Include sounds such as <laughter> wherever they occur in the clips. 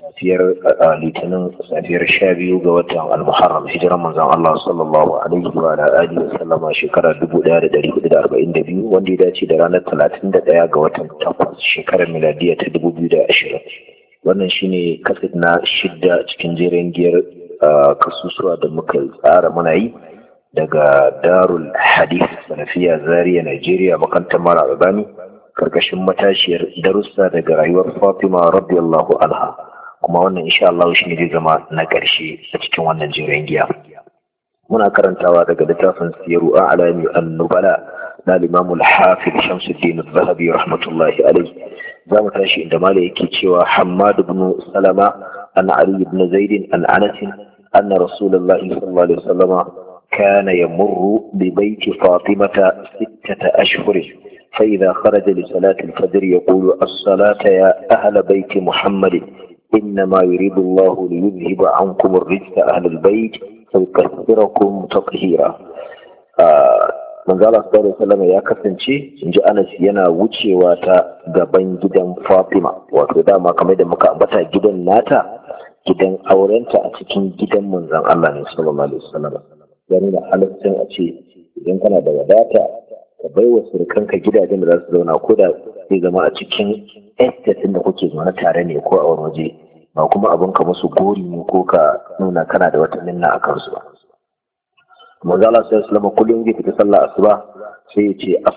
safiyar litinin safiyar sha biyu ga watan Al-Muharram, hijiran manzon Allah sallallahu alaihi wa alihi wa sallama shekara 1442 wanda ya dace da ranar 31 ga watan takwas shekarar miladiya ta 2020 wannan shine kaset na shidda cikin jerin giyar kasusuwa da muka tsara muna yi daga darul hadith Sanafiya, Zariya, nigeria makantar mara albani karkashin matashiyar darussa daga rayuwar Fatima radiyallahu anha kuma wannan insha Allah shi ne zai zama na ƙarshe a cikin wannan jirin giya muna karantawa daga littafin siyaru an alami annubala na limamul hafiz shamsuddin zahabi rahmatullahi alai za mu tashi inda mala yake cewa hammad ibn salama an ali ibn zaid an anas anna rasulullahi sallallahu alaihi wasallama كان يمر ببيت فاطمة ستة أشهر فإذا خرج لصلاة الفجر يقول الصلاة يا أهل بيت محمد إنما يريد الله ليذهب عنكم الرجس أهل البيت ويكثركم تطهيرا من Allah sallallahu alaihi ya kasance in ji yana wucewa ta gaban gidan Fatima wato dama kamar da muka ambata gidan nata gidan aurenta a cikin gidan manzon Allah ne sallallahu alaihi wasallam ya nuna halaccin a ce idan kana da wadata ka bai wa surukanka gidajen da za su zauna ko da zai zama a cikin estate da kuke zaune tare ne ko a wani waje ba kuma abin ka musu gori ne ko ka nuna kana da wata minna a kansu ba manzo Allah sallallahu alaihi kullum yake fita sallah asuba sai ya ce as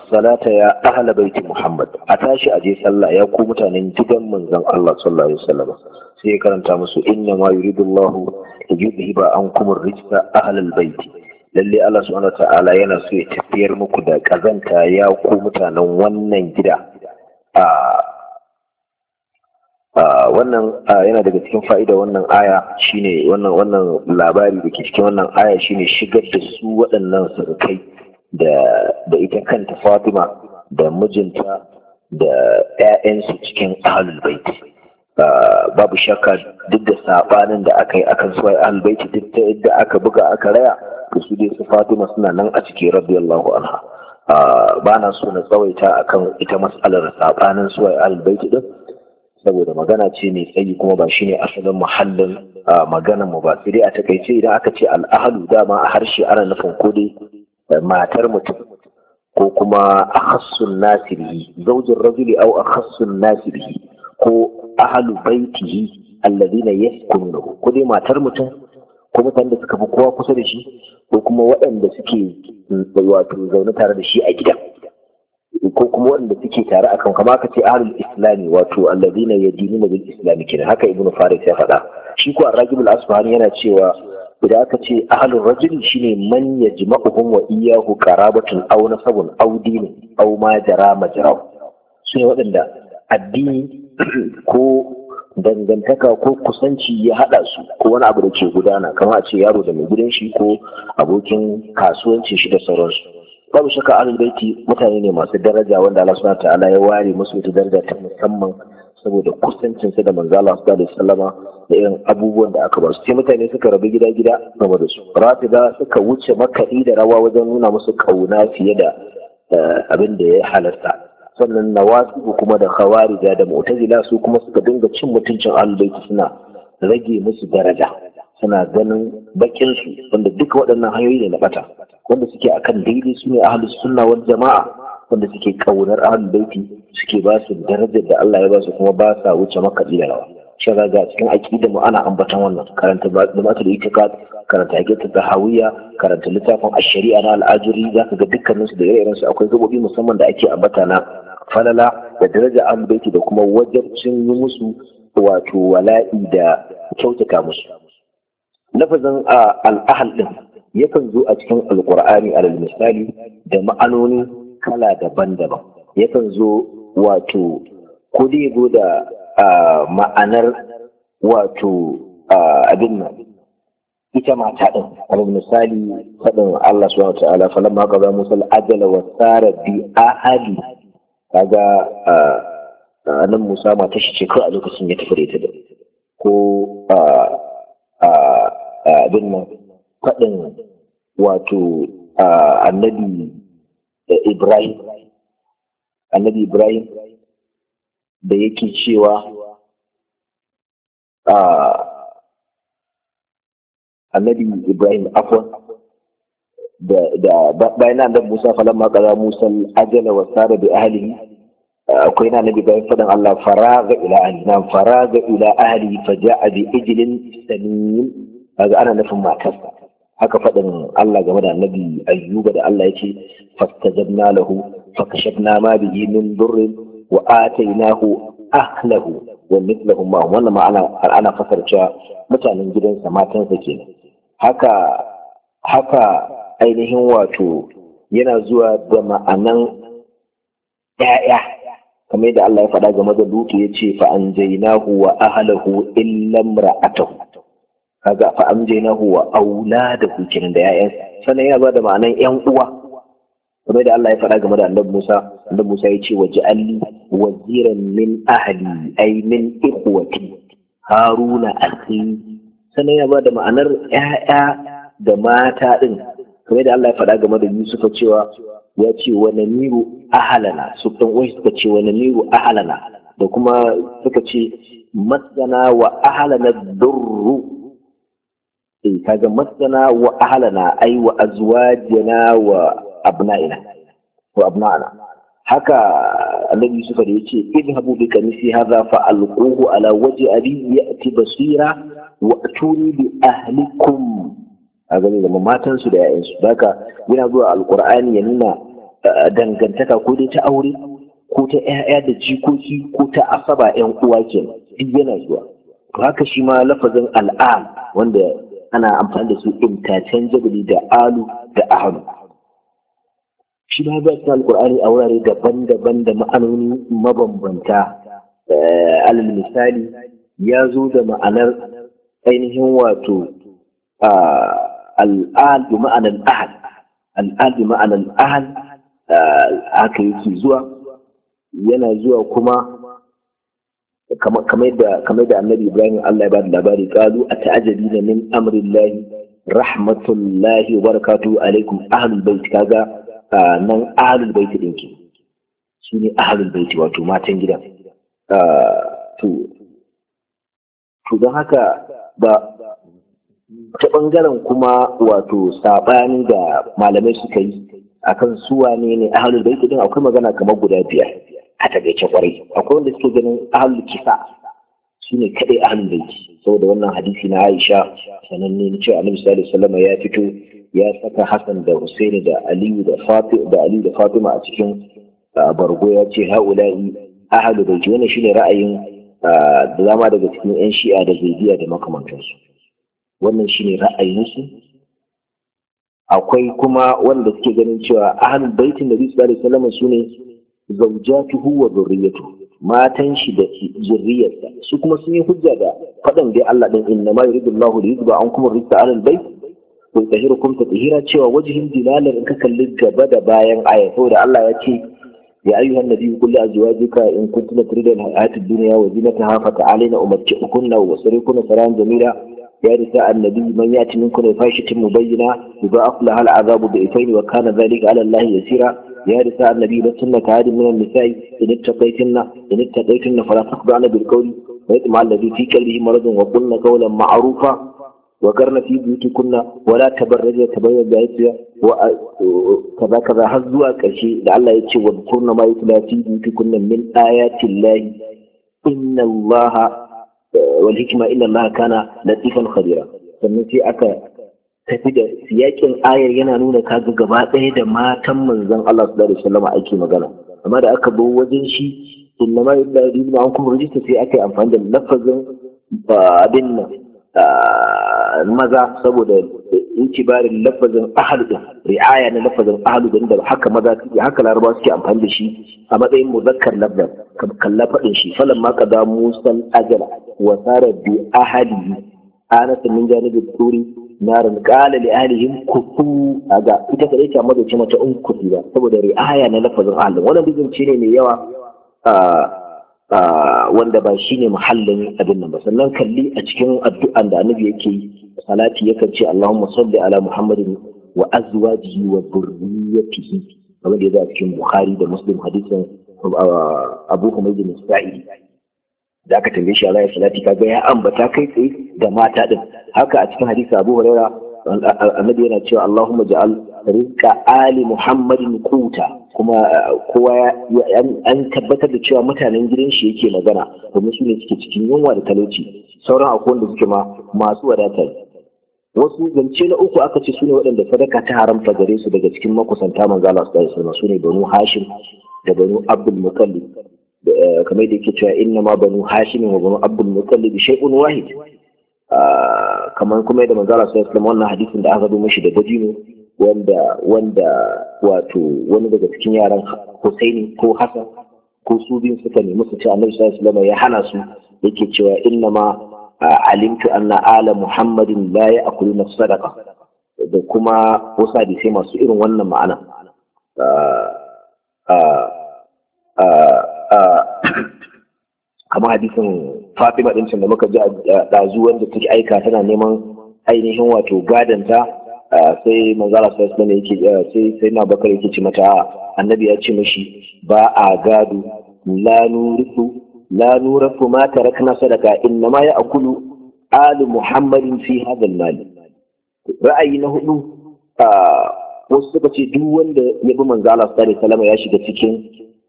ya ahla baiti Muhammad a tashi a je sallah ya ku mutanen gidan manzon Allah sallallahu alaihi wasallam sai ya karanta musu inna ma yuridullahu yudhiba ankum ar-rijsa ahla al baiti lalle Allah subhanahu ta'ala yana so ya tafiyar muku da kazanta ya ku mutanen wannan gida a wannan yana daga cikin fa'ida wannan aya shine wannan wannan labari da ke cikin wannan aya shine shigar da su waɗannan surukai da da ita kanta Fatima da mijinta da ƴaƴansu cikin ahlul bait babu shakka duk da sabanin da aka yi akan su ahlul bait duk da yadda aka buga aka raya to su dai su Fatima suna nan a cikin radiyallahu anha ba na so na tsawaita akan ita mas'alar sabanin su ahlul bait din saboda magana ce mai tsayi kuma ba shine asalin muhallin maganar mu ba sai dai a takaice idan aka ce al'ahalu dama a harshe ana nufin ko dai eh, matar mutum ko kuma akhassun nasirihi zaujin rajuli aw akhassun nasirihi ko ahalu baitihi alladhina yaskunuhu ko dai matar mutum ko mutanen da suka fi kowa kusa da shi ko kuma waɗanda suke mm, wato zaune tare da shi a gidan? ko kuma waɗanda suke tare akan kama aka ce ahlul islami wato alladhina yadinuna bil islami kenan haka ibnu faris ya faɗa shi ko ar asbahani yana cewa idan aka ce ahlul rajul shine man yajma'uhum wa iyyahu qarabatun aw nasabun aw dinin aw ma jara su sune waɗanda addini <clears throat> ko dangantaka ko kusanci ya haɗa su ko wani abu da ke gudana kama a ce yaro da mai gidan shi ko abokin kasuwanci shi da sauransu babu shakka ahlul baiti mutane ne masu daraja wanda Allah subhanahu ta'ala ya ware musu ita daraja ta musamman saboda kusancin su da manzo Allah sallallahu alaihi wasallam da irin abubuwan da aka bar su sai mutane suka rabu gida gida game da su rafida suka wuce makaɗi da rawa wajen nuna musu kauna fiye da eh, abin da ya halarta sannan nawasibu kuma da khawari da mu'tazila su kuma suka dinga cin mutuncin ahlul baiti suna rage musu daraja suna ganin bakin su wanda duka waɗannan hanyoyi ne na bata wanda suke akan daidai su ne ahlus sunna wal jama'a wanda suke kaunar ahlul baiti suke ba su darajar da Allah ya ba su kuma ba sa wuce makaɗi da rawa shi ga cikin aqida mu ana ambatan wannan karanta da ita itiqad karanta aqida tahawiyya karanta littafin ash-shari'a na al Za zaka ga dukkanin su da ire su akwai gabobi musamman da ake ambata na falala da daraja ahlul baiti da kuma wajabcin yi musu wato wala'i da kyautaka musu lafazin ah, al-ahl din yakan zo a cikin alkur'ani alal misali da ma'anoni kala daban-daban yakan zo wato ko dai da ma'anar wato abin nan ita mata ɗin. alal misali faɗin Allah subhanahu wa ta'ala ma qada Musa al-ajala wa tsara bi ahadi kaga nan Musa mata shi ce kawai a lokacin ya tafi da ita da ko abin nan faɗin wato annabi ibrahim annabi ibrahim da yake cewa annabi ibrahim afon da bayan annabi musa falamma kaza musa ajala wa sara bi ahlihi akwai na nabi bayan faɗin Allah faraga ila ahli nan faraga ila ahli faja'a bi ijlin samin kaga ana nufin matarsa haka faɗin Allah game da annabi ayyuba da Allah yake fastajabna lahu fakashafna ma bihi min durrin wa atainahu ahlahu wa mithluhum ma wannan ma ana fasarta mutanen gidansa matansa kenan haka haka ainihin wato yana zuwa da ma'anan ‘ya'ya kamar yadda Allah ya faɗa game da Lutu ya ce anjaynahu wa ahlahu illa ra'atahu kaga fa amjaynahu wa auladahu kenan da 'ya'yan sanan yana ba da ma'anan 'yan uwa kuma da Allah ya faɗa game da Annabi Musa Annabi Musa ya ce waj'alni waziran min ahli ay min ikhwati haruna akhi sanan yana ba da ma'anar ƴaƴa da mata din kuma da Allah ya faɗa game da Yusuf cewa ya ce wa namiru ahalana su ɗan uwa suka ce wa namiru ahalana da kuma suka ce masana wa ahalana durru eh kaga masana wa ahalana ai wa azwajina wa abna'ina wa abna'ana haka annabi Yusuf da yace idhabu bi kamisi hadha fa alquhu ala waji abi ya'ti basira wa atuni bi ahlikum a gani da matan su da yayin su haka yana zuwa alqur'ani ya nuna eh, dangantaka ko dai ta aure ko ta 'ya'ya da jikoki ko ta asaba 'yan uwa kenan duk yana zuwa haka shi ma lafazin al'am wanda ana amfani da su interchangeably da alu da ahadu shi ma ba cikin alkur'ani a wurare daban-daban da ma'anoni mabambanta eh, alal misali ya zo da ma'anar ainihin wato al'ad bi ma'anar ahad al'ad bi ma'anar ahad eh, haka yake zuwa yana zuwa kuma kamar da annabi ibrahim allah ya ba da labari kalu a ta'ajabi na min amrillahi rahmatullahi wa barakatu alaikum ahlul bait kaga nan ahlul bait dinki shine ahlul bait wato matan gidan to to don haka ba ta bangaren kuma wato sabani da malamai suka yi akan suwa ne ne ahlul bait din akwai magana kamar guda biyar a tagaice kwarai akwai wanda suke ganin ahlul kisa su ne kaɗai ahlul baiti saboda wannan hadisi na Aisha sananne na cewa Annabi sallallahu alaihi wasallam ya fito ya saka Hassan da Husaini da Aliyu da Fatima da Aliyu da Fatima a cikin bargo ya ce haula'i ahlul baiti wannan shine ra'ayin da zama daga cikin yan shi'a da zaidiya da makamantansu wannan shine ra'ayinsu akwai kuma wanda suke ganin cewa ahlul baitin da Nabi sallallahu alaihi wasallam su ne zaujatuhu wa zurriyatuhu matan shi da zurriyarsa su kuma sun yi hujja da faɗan dai Allah din inna ma yuridu Allahu li an kuma rizqa alal bayt wa yutahhirukum hira cewa wajhin dilalar in ka kalli gaba da bayan aya saboda Allah ya ce ya ayyuha annabiyyu qul li azwajika in kuntunna turidna da hayata duniya dunya wa zinataha fa ta'alina umatti'ukunna wa usrikunna jamila يا نساء النبي من يأتي منكم بفاحشة مبينة يضاعف لها العذاب ضعفين وكان ذلك على الله يسيرا يا نساء النبي لستن كعاد من النساء إن اتقيتن إن اتقيتن فلا تخضعن بالقول ويطمع الذي في قلبه مرض وقلن قولا معروفا وقرن في بيوتكن ولا تبرجن تبين بأيتها وكذا كذا هزوا كشيء لعل يتشي واذكرن ما يتلى في بيوتكن من آيات الله إن الله wal hikma illa Allah kana latifan khabira sannan sai aka tafi da yakin ayar yana nuna kaga gaba ɗaya da matan manzon Allah sallallahu alaihi wasallam ake magana amma da aka bar wajen shi inna ma illa yadina kuma rajista sai aka yi amfani da lafazin abin nan maza saboda itibarin lafazin ahal ri'aya na lafazin ahal din da haka maza haka laraba suke amfani da shi a matsayin muzakkar lafzan kalla faɗin shi falan ma kada musal ajala wa sara bi ahali anasa min janibi turi narin qala li kufu aga ita kare ta mazaci mata un kufi ba saboda ri'aya na lafazin ahal wannan bizin ne mai yawa ah, wanda ba shi ne muhallin abin nan ba sannan kalli a cikin addu'an da annabi yake yi salati yakan ce Allahumma salli ala Muhammadin wa azwajihi wa dhurriyyatihi kamar da ya a cikin Bukhari da Muslim hadisin Abu Humayd bin Sa'id da aka tambaye shi Allah ya salati kaga ya ambata kai tsaye da mata din haka a cikin hadisi Abu Hurairah annabi yana cewa Allahumma ja'al rizqa ali muhammadin kuta kuma uh, kowa an tabbatar da cewa mutanen gidan shi yake magana domin su ne suke cikin yunwa da talauci sauran akwai da suke ma masu wadata wasu zance na uku aka ce sune waɗanda sadaka ta haramta gare su daga cikin makusanta manzo Allah sallallahu alaihi wasallam sune banu hashim da banu abdul mutallib uh, kamar da yake cewa inna ma banu hashim wa banu abdul mutallib shay'un wahid kamar kuma yadda manzara sai islam wannan hadisin da aka zo mashi da dajino wanda wanda wato wani daga cikin yaran Husaini ko Hassan ko su biyun suka nemi su ce Annabi sallallahu alaihi wasallam ya hana su yake cewa inna ma alimtu anna ala Muhammadin la ya'kuluna sadaqa da kuma wasu hadisai masu irin wannan ma'ana kamar hadisin Fatima din can da muka ji a dazu wanda take aika tana neman ainihin wato gadanta sai manzala sai sai yake sai na bakar yake ce mata annabi ya ce mishi ba a gado la nurisu la nurasu ma tarakna sadaka inna ma ya'kulu alu muhammadin fi hadha al ra'ayi na hudu wasu suka ce duk wanda ya bi manzala sallallahu alaihi ya shiga cikin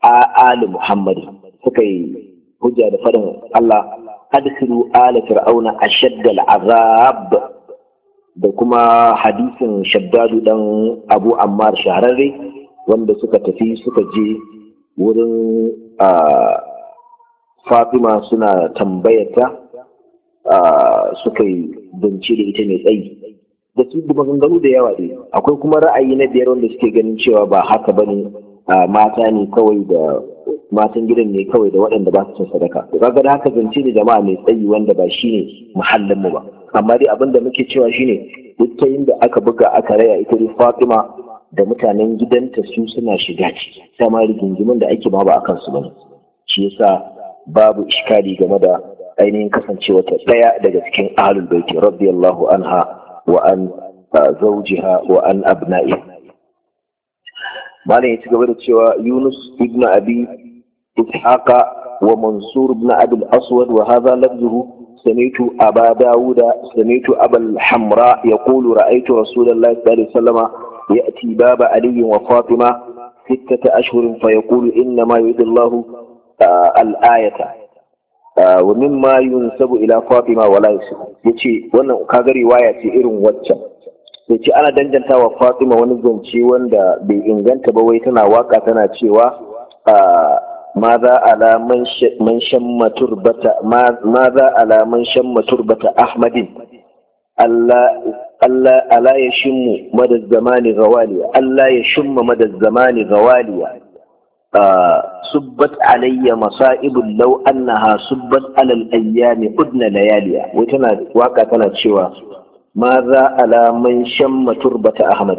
ali muhammad suka yi hujja da faɗin Allah adkhulu ala fir'auna ashadd al'azab da kuma hadisin shaddadu dan Abu Ammar shahararre wanda suka tafi suka je wurin Fatima suna tambayata suka yi bincike ita mai tsayi da su maganganu da yawa dai akwai kuma ra'ayi na biyar wanda suke ganin cewa ba haka bane mata ne kawai da matan gidan ne kawai da waɗanda ba su cin sadaka to kaga da haka zance ne jama'a mai tsayi wanda ba shine muhallin mu ba amma dai abin da muke cewa shine duk ta da aka buga aka raya ita dai Fatima da mutanen gidanta su suna shiga ci dama rigingimin da ake ma ba akan su bane shi yasa babu iskari game da ainihin kasancewa ta ɗaya daga cikin ahlul baiti radiyallahu anha wa an zawjiha wa an abna'i malam ya ci gaba da cewa Yunus ibn Abi إسحاق ومنصور بن أبي الأسود وهذا لفظه سمعت أبا داود سمعت أبا الحمراء يقول رأيت رسول الله صلى الله عليه وسلم يأتي باب علي وفاطمة ستة أشهر فيقول إنما يريد الله آه الآية آه ومما ينسب إلى فاطمة ولا يسب يتي وانا كاغا رواية إيرون واتشا yace ana danganta wa Fatima wani zance wanda bai inganta ba wai tana waka tana cewa ماذا على من ش... من شم تربة ماذا على من شم تربة أحمد ألا ألا ألا يشم مدى الزمان غواليا ألا يشم مدى الزمان غواليا آه سبت علي مصائب لو أنها سبت على الأيام أدنى لياليا وتنا واقع تنا شوى ماذا على من شم تربة أحمد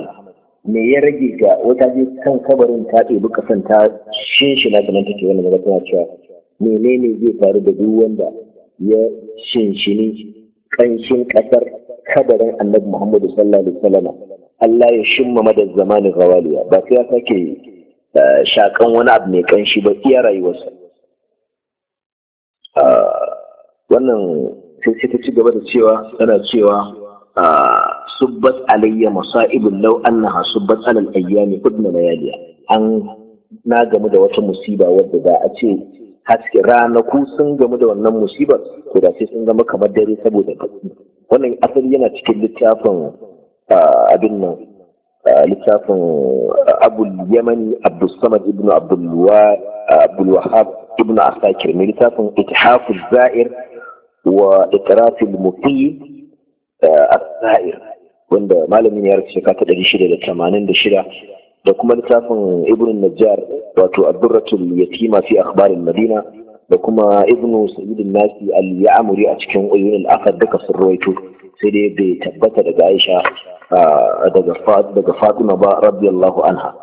me ya rage ga wata je kan kabarin ta ɗebi kasan ta shinshina kamar take wannan maza tana cewa menene zai faru da duk wanda ya shinshini kanshin ƙasar kabarin annabi muhammadu sallallahu alaihi wasallam Allah ya shimma mada zamanin rawaliya ba sai ya sake eh, shakan wani abu mai ƙanshi ba iya rayuwarsa ah, wannan sai sai ta ci gaba da cewa tana cewa subbat alayya masa'ibun law annaha subbat alal ayyami kudna layaliya an na gamu da wata musiba wadda da a ce haske ranaku sun gamu da wannan musibar to da sai sun zama kamar dare saboda baki wannan asali yana cikin littafin abin nan littafin abul yamani Abdulsamad, ibnu Abdulluwa, wahab ibnu asakir ne littafin ittihafuz za'ir wa iqrafil muqim Azza'ir wanda malamin ya rasu shekara ta ɗari shida da tamanin da shida da kuma littafin Ibn Najjar wato Abdurratul Yatima fi akhbarin Madina da kuma Ibn Sa'id nasi al-Ya'muri a cikin Uyun al-Akhar duka sun rawaito sai dai bai tabbata daga Aisha daga Fatima ba radiyallahu anha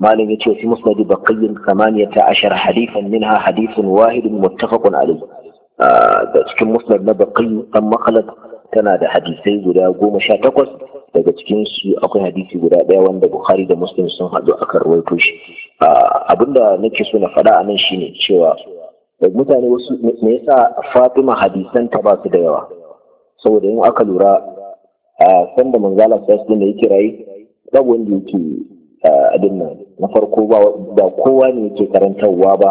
مالك يتوى في مسند بقي ثمانية عشر حديثا منها حديث واحد متفق عليه آه كم مسند بقي ثم خلت tana da hadisai guda goma sha takwas daga cikin su akwai hadisi guda ɗaya wanda bukhari da muslim sun haɗu a kan ruwaito shi abinda nake so na faɗa a nan shi ne cewa mutane wasu me yasa fatima hadisan ta ba su da yawa saboda yin aka lura a sanda manzala sassu da yake rayu kiraye, wanda yake abin nan na farko ba kowa ne yake karantarwa ba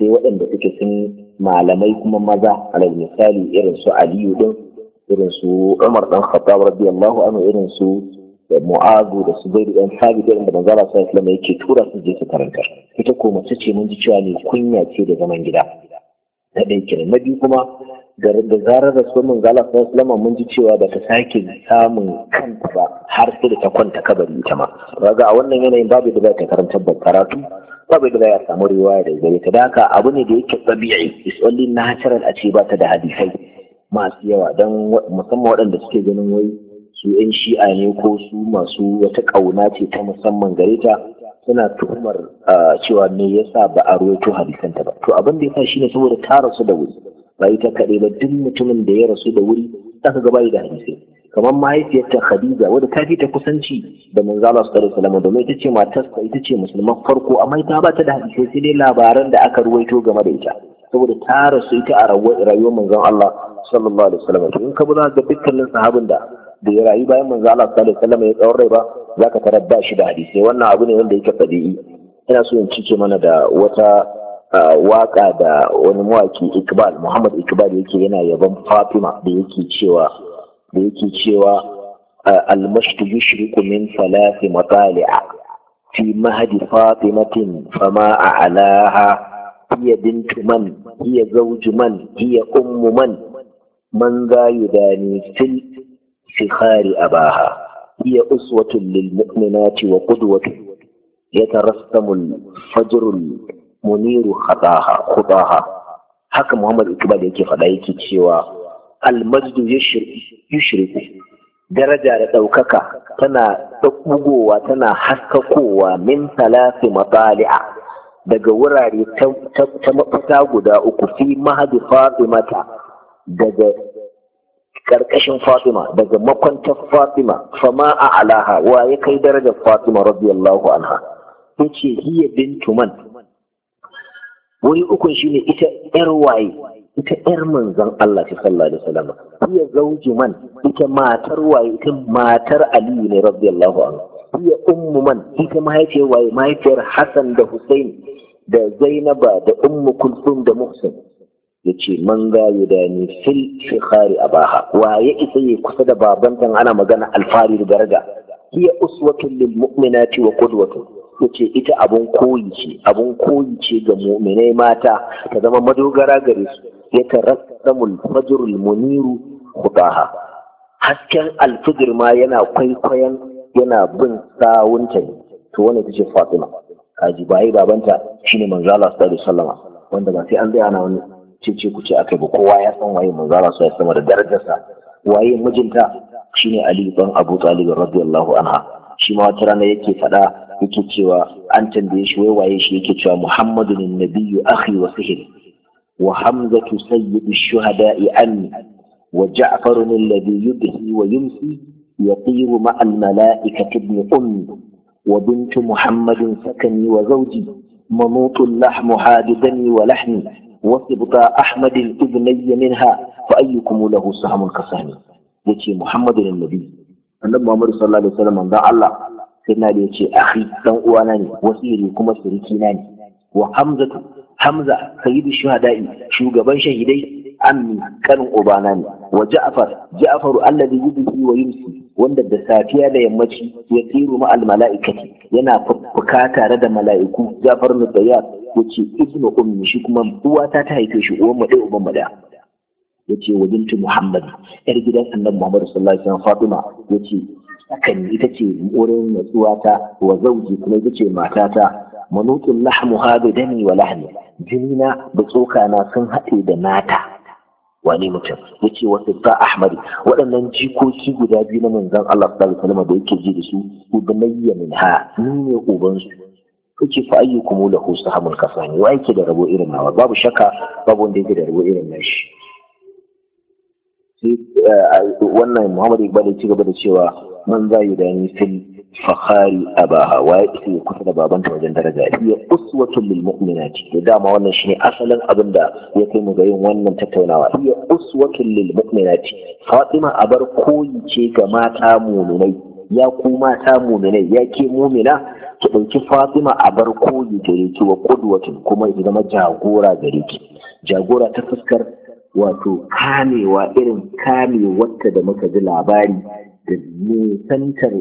sai waɗanda suke sun malamai kuma maza alal misali irin su aliyu din irin su Umar dan Khattab radiyallahu anhu irin su da Mu'adu da su Zaid dan Thabit da manzo Allah sallallahu yake tura su je su karanta ita ko mace ce mun ji cewa ne kunya ce da zaman gida na ɗaya na biyu kuma da zarar da su mun zala sallallahu mun ji cewa da ta sake samun kanta ba har sai da ta kwanta kabari ita ma raga a wannan yanayin babu da za ta karanta ba karatu babu da za a samu riwaya da gare ta da haka abu ne da yake tabi'i is only natural a ce ba ta da hadisai masu yawa don musamman waɗanda suke ganin wai su 'yan shi'a ne ko su masu wata ƙauna ce ta musamman gare ta suna tuhumar cewa me yasa ba a ruwaito hadisanta ba to abin da ya sa shi ne saboda ta rasu da wuri ba ita kaɗai ba duk mutumin da ya rasu da wuri aka ga bai da hadisai kamar mahaifiyarta Khadija wadda ta fi ta kusanci da manzo Allah sallallahu alaihi domin ita ce matarsa ita ce musulman farko amma ita ba ta da hadisai sai dai labaran da aka ruwaito game da ita saboda ta rasu ita a rayuwar manzon Allah sallallahu alaihi wasallam in ka bula ga dukkanin sahabin da da ya rayu bayan manzon Allah sallallahu alaihi wasallam ya tsawon rai ba zaka tarar ba shi da hadisi wannan abu ne wanda yake tabi'i ina so in cike mana da wata waka da wani mawaki Iqbal Muhammad Iqbal yake yana yaban Fatima da yake cewa da yake cewa al-mashtu yushriku min salasi matali'a fi mahdi fatimatin fama a'laha هي بنت من hiya zawju man hiya ummu man man za yudani fil sikhari abaha hiya uswatun lil mu'minati wa qudwatun يترسم الفجر المنير خطاها خطاها haka Muhammad Iqbal yake faɗa yake cewa almajdu yushriku daraja da ɗaukaka tana ɗagugowa tana haskakowa min talafi matsali'a daga wurare ta mafita guda uku fi mahadi fatimata daga karkashin fatima daga makwantar fatima fama a alaha wa ya kai darajar fatima radiyallahu anha sun ce hiya bintu man wani ukun ne ita yar waye ita yar manzan Allah sallallahu alaihi wasallam hiya zauji man ita matar waye ita matar aliyu ne radiyallahu anhu hiya ummu man ita mahaifiyar waye mahaifiyar Hassan da Hussein da zainaba da ummu kulsum da muhsin yace man za yudani fil fikhari abaha wa ya isa ya kusa da baban dan ana magana alfari da daraja hiya uswatun lil mu'minati wa qudwatun yace ita abun koyi ce abun koyi ce ga mu'minai mata ta zama madogara gare su ya tarassamul fajrul muniru khudaha hasken alfijir ma yana kwaikwayon yana bin sawunta to wannan ita fatima ajibai babanta shine manzo Allah sallallahu alaihi wasallam wanda ba sai an tsaya ana wani cece ku ce akai ba kowa ya san waye manzo Allah sallallahu alaihi wasallam da darajarsa waye mijinta shine Ali ibn Abu Talib radiyallahu anha shi ma wata rana yake fada yake cewa an tambaye shi waye waye shi yake cewa Muhammadun nabiyyu akhi wa sahibi wa Hamzatu sayyidu shuhada'i anni wa Ja'farun alladhi yudhi wa yumsi يطير مع الملائكة ابن أمي وبنت محمد سكني وزوجي منوط اللحم حاددني ولحمي وسبطا أحمد ابني منها فأيكم له سهم كسهمي يتي محمد النبي النبي محمد صلى الله عليه وسلم أن الله سيدنا يتي أخي دان أواناني وسيري كما سريكيناني وحمزة حمزة سيد الشهداء شوغبان شهيدي أمي كانوا أباناني وجعفر جعفر الذي يبكي ويمسي wanda da safiya da yammaci ya tsiru ma'al mala'ikati yana fuka tare da mala'iku jafar nubaya ya ce ibnu ummi shi kuma uwata ta haife shi uwan maɗai uban maɗa ya ce wajen muhammad yar gidan annabi muhammad sallallahu alaihi wasallam fatima ya ce ita ce wurin natsuwata wa zauji kuma ita ce matata manukin lahmu hadu dani wa lahmi jini na da tsoka na sun haɗe da nata wani mutum yace wasu sidda ahmad waɗannan jikoki guda biyu na manzan Allah sallallahu alaihi salama da yake ji da su ubanayya minha ni ne uban ubansu? yace fa ayyukum lahu sahamul kafani wa yake da rabo irin nawa babu shakka babu wanda yake da rabo irin nashi eh, wannan Muhammad Iqbal ya ci gaba da cewa man za yudani fil fakhari abaha wa ya isa kusa da babanta wajen daraja hiya uswatun lil mu'minati to dama wannan shine asalin abin da ya kai mu ga yin wannan tattaunawa hiya uswatun lil mu'minati fatima abar koyi ce ga mata mu'minai ya ku mata mu'minai ya ke mu'mina ki ɗauki fatima a bar koyi gare ki wa kudwatin kuma ki zama jagora gare ki jagora ta fuskar wato kamewa irin kamewar da muka ji labari da nisantar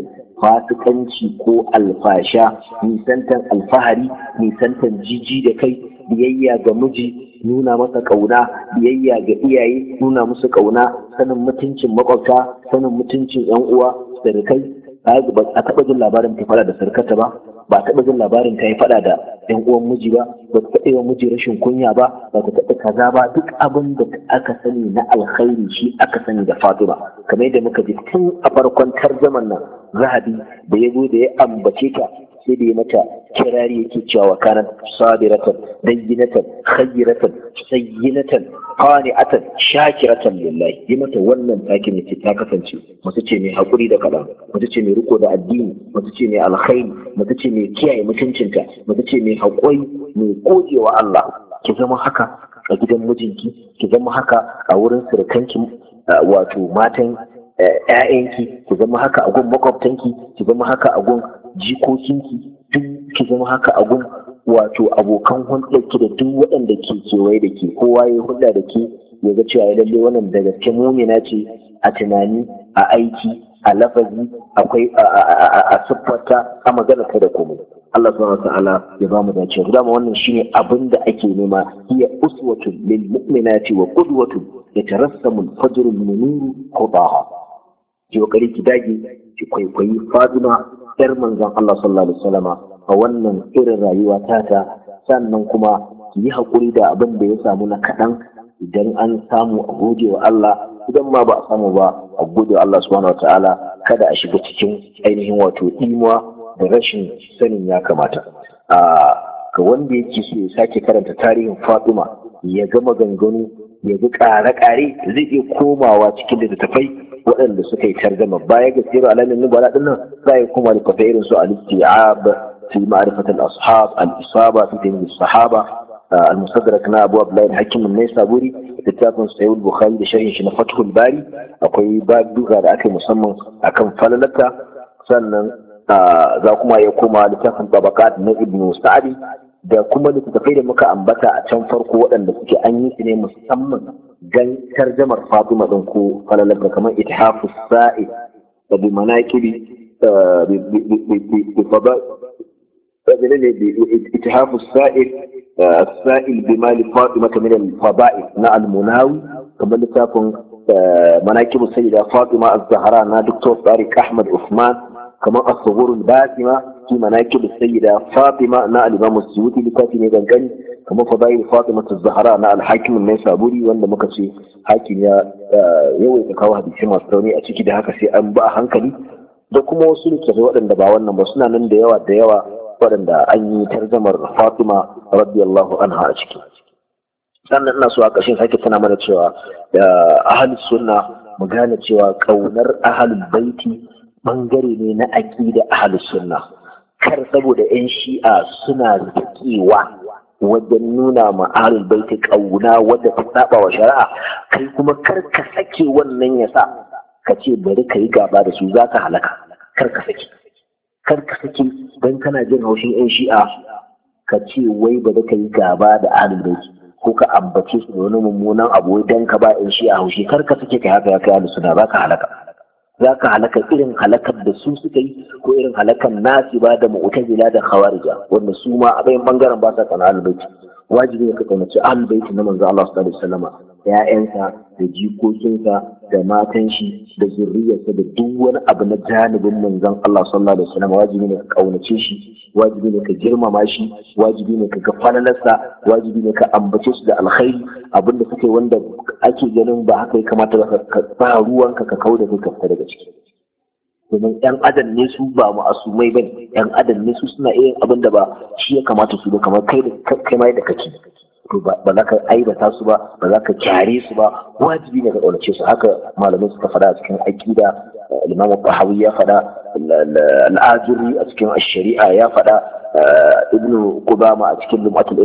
fasikanci ko alfasha nisantan alfahari nisantan jiji da kai biyayya ga miji nuna masa ƙauna biyayya ga iyaye nuna musu ƙauna sanin mutuncin makwabta sanin mutuncin yan uwa da kai ba a taɓa jin labarin ta faɗa da sarkata ba ba taɓa jin labarin ta yi faɗa da yan uwan miji ba ba ta taɓa miji rashin kunya ba ba ta taɓa kaza ba duk abin da aka sani na alkhairi shi aka sani da fatima kamar yadda muka ji tun a farkon tarzaman nan zahabi da ya zo da ya ambace ta sai da yi mata kirari yake cewa wa kanat sabiratan dayyinatan khayratan sayyinatan qani'atan shakiratan lillahi yi mata wannan take ne ta kasance mace ce mai hakuri da kaɗan, mace ce mai riko da addini mace ce mai alkhairi mace ce mai kiyaye mutuncinta mace ce mai hakuri mai godewa Allah ki zama haka a gidan mijinki ki zama haka a wurin surukanki wato matan ‘ya'yanki eh, ki zama haka a gun makwabtanki ki zama haka a gun ki, duk ki zama haka a gun wato abokan hulɗarki da duk waɗanda ke kewaye da ke kowa ya hulɗa da ke ya ga cewa lalle wannan da gaske mumina ce a tunani a aiki a lafazi akwai a siffarta a magana ta da komai Allah subhanahu ta'ala ya mu dace da ma wannan shine abin da ake nema iya uswatu lil mu'minati wa qudwatu yatarassamu al-fajr min nuru qudaha ki kokari ki dage ki kwaikwayi Faduna. yar manzon Allah sallallahu alaihi wasallama a wannan irin rayuwa tata sannan kuma ki yi haƙuri da abin da ya samu na kaɗan idan an samu a gode wa Allah idan ma ba a samu ba a gode wa Allah subhanahu ta'ala kada a shiga cikin ainihin wato imuwa da rashin sanin ya kamata a wanda yake so ya sake karanta tarihin Fatima ya gama ganganu ya ga ƙare-ƙare zai iya komawa cikin littattafai waɗanda suka yi targama baya ga siru alamin nubala din nan za a yi kuma da kafa irin su al-istiab fi ma'rifat al-ashab al-isaba fi sahaba al-musaddarak na abu abdullahi hakim ne saburi littafin Sayyid bukhari da sharhin shi na fathul bari akwai babuka da aka musamman akan falalata sannan za kuma ya koma littafin tabakat na Ibn sa'adi da kuma littattafai da muka ambata a can farko waɗanda suke an yi su ne musamman gan tarjamar fatima din ko falalaka kamar ithafu sa'id da bi manaqibi bi fada sabilin bi ithafu sa'id sa'il bi mali fatima kamar al-fada'i na al-munawi kamar littafin manaqibu sayyida fatima az-zahra na dr tariq ahmad usman kamar as-sughurul batima fi manaqibu sayyida fatima na al-imam as-suyuti littafin ne gangani kamar fadail ta zahra na al mai ne saburi wanda muka ce hakim ya yawaita kawo hadisi masu tauni a ciki da haka sai an ba a hankali da kuma wasu littafi waɗanda ba wannan ba suna nan da yawa da yawa waɗanda an yi tarzamar fatima radiyallahu anha a ciki sannan ina so a ƙarshen sake tana mana cewa ahalus sunna mu gane cewa ƙaunar ahalul baiti bangare ne na aƙida ahalus sunna kar saboda 'yan shi'a suna zaƙewa wajen nuna ma ahlul baiti kauna wadda ta saba wa shari'a kai kuma kar ka sake wannan ya sa ka ce bari ka yi gaba da su za ka halaka kar ka sake kar ka sake don kana jin haushin yan shi'a ka ce wai bari ka yi gaba da ahlul baiti ko ka ambace su da wani mummunan abu don ka ba yan shi'a haushi kar ka sake ka haka ya kai ahlus sunna za ka halaka za ka halaka irin halakar da su suka yi ko irin halakar nasi ba da mu'tazila da khawarija wanda su ma a bayan bangaren ba sa kana ahlul wajibi ne ka a ahlul na manzo Allah sallallahu alaihi wasallama ‘ya'yansa da jikokinsa da matan shi da zurriyarsa da duk wani abu na janibin manzon Allah sallallahu alaihi wasallam wajibi ne ka kaunace shi wajibi ne ka girmama shi wajibi ne ka ga falalarsa wajibi ne ka ambace su da alkhairi abinda suke wanda ake ganin ba haka ya kamata ba, ka ba ruwanka ka kauda kai ka fita daga ciki domin yan adam ne su ba mu asumai bane yan adam ne su suna iya abin da ba shi ya kamata su ba kamar kai da kai ma yadda kake to ba za ka aibata su ba ba za ka kyare su ba wajibi ne ka ƙaunace su haka malamai suka faɗa a cikin aƙida imam bahawi ya faɗa al'ajiri a cikin shari'a ya faɗa ibnu qudama a cikin lumatul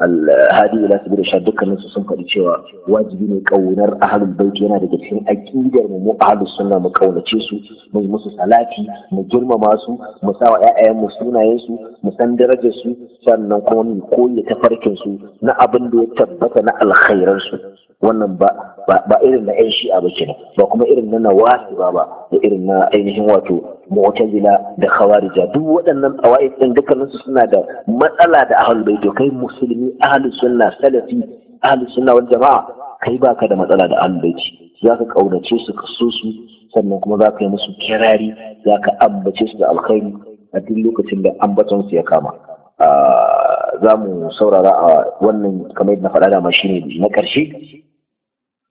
al-hadi ila sabir shad dukkanin su sun faɗi cewa wajibi ne kaunar ahlul bait yana daga cikin aƙidar mu mu ahlus sunna mu kaunace su mu musu salati mu girmama su mu sawa ƴaƴayen mu sunayen su mu san darajar su sannan kuma mu koyi tafarkin su na abin da ya tabbata na alkhairar su wannan ba ba irin na ƴan shi'a ba kenan ba kuma irin na nawasi ba ba da irin na ainihin wato mu'tazila da khawarija duk waɗannan awa'id din dukkanin su suna da matsala da ahlul bait kai musulmi ahlus sunna salafi ahlus sunna wal jama'a kai baka da matsala da ahlul bait zaka kaunace su ka so su sannan kuma zaka yi musu kirari zaka ambace su da alkhairi a duk lokacin da ambaton su ya kama ah, za mu saurara a wannan kamar yadda na faɗa da ma na ƙarshe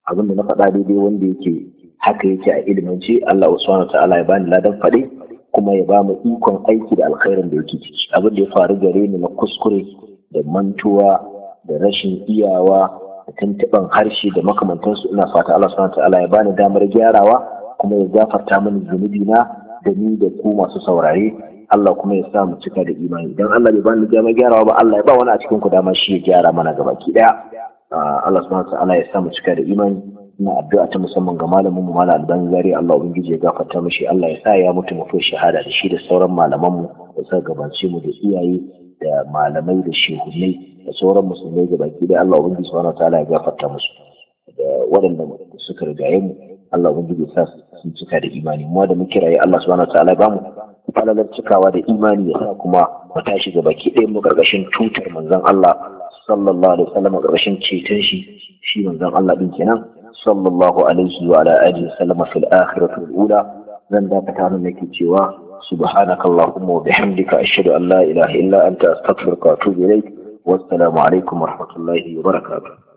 abinda da na faɗa daidai wanda yake haka yake a ilimance Allah subhanahu ta'ala ya bani ladan faɗi kuma ya bamu ikon aiki da alkhairin da yake ciki abin da ya faru gare ni na kuskure da mantuwa da rashin iyawa da tuntuɓan harshe da makamantansu ina fata Allah subhanahu ta'ala ya bani damar gyarawa kuma ya gafarta mini zunubi na da ni da ku masu saurare Allah kuma ya sa mu cika da imani idan Allah bai bani damar gyarawa ba Allah ya ba wani a cikin ku dama shi ya gyara mana gabaki daya ah, Allah subhanahu ta'ala ya sa mu cika da imani ina addu'a ta musamman ga malamin mu malam Albani Zari Allah ubangiji ya gafarta mishi Allah ya sa ya mutu mutu shahada da shi da sauran malaman mu da sa gabance mu da iyaye da malamai da shehunai da sauran musulmai da baki da Allah ubangiji subhanahu ta'ala ya gafarta musu da waɗanda suka rigaye mu Allah ubangiji ya sa su cika da imani mu da muke raye Allah subhanahu ta'ala ba mu falalar cikawa da imani ya sa kuma mu tashi ga baki ɗaya mu gargashin tutar manzon Allah sallallahu alaihi wasallam gargashin ceton shi shi manzon Allah din kenan sallallahu alaihi wa ala alihi sallama fil akhirati ula zan da ka nake cewa subhanaka allahumma wa bihamdika ashhadu an la ilaha illa anta astaghfiruka wa atubu ilaik wassalamu alaikum wa rahmatullahi wa barakatuh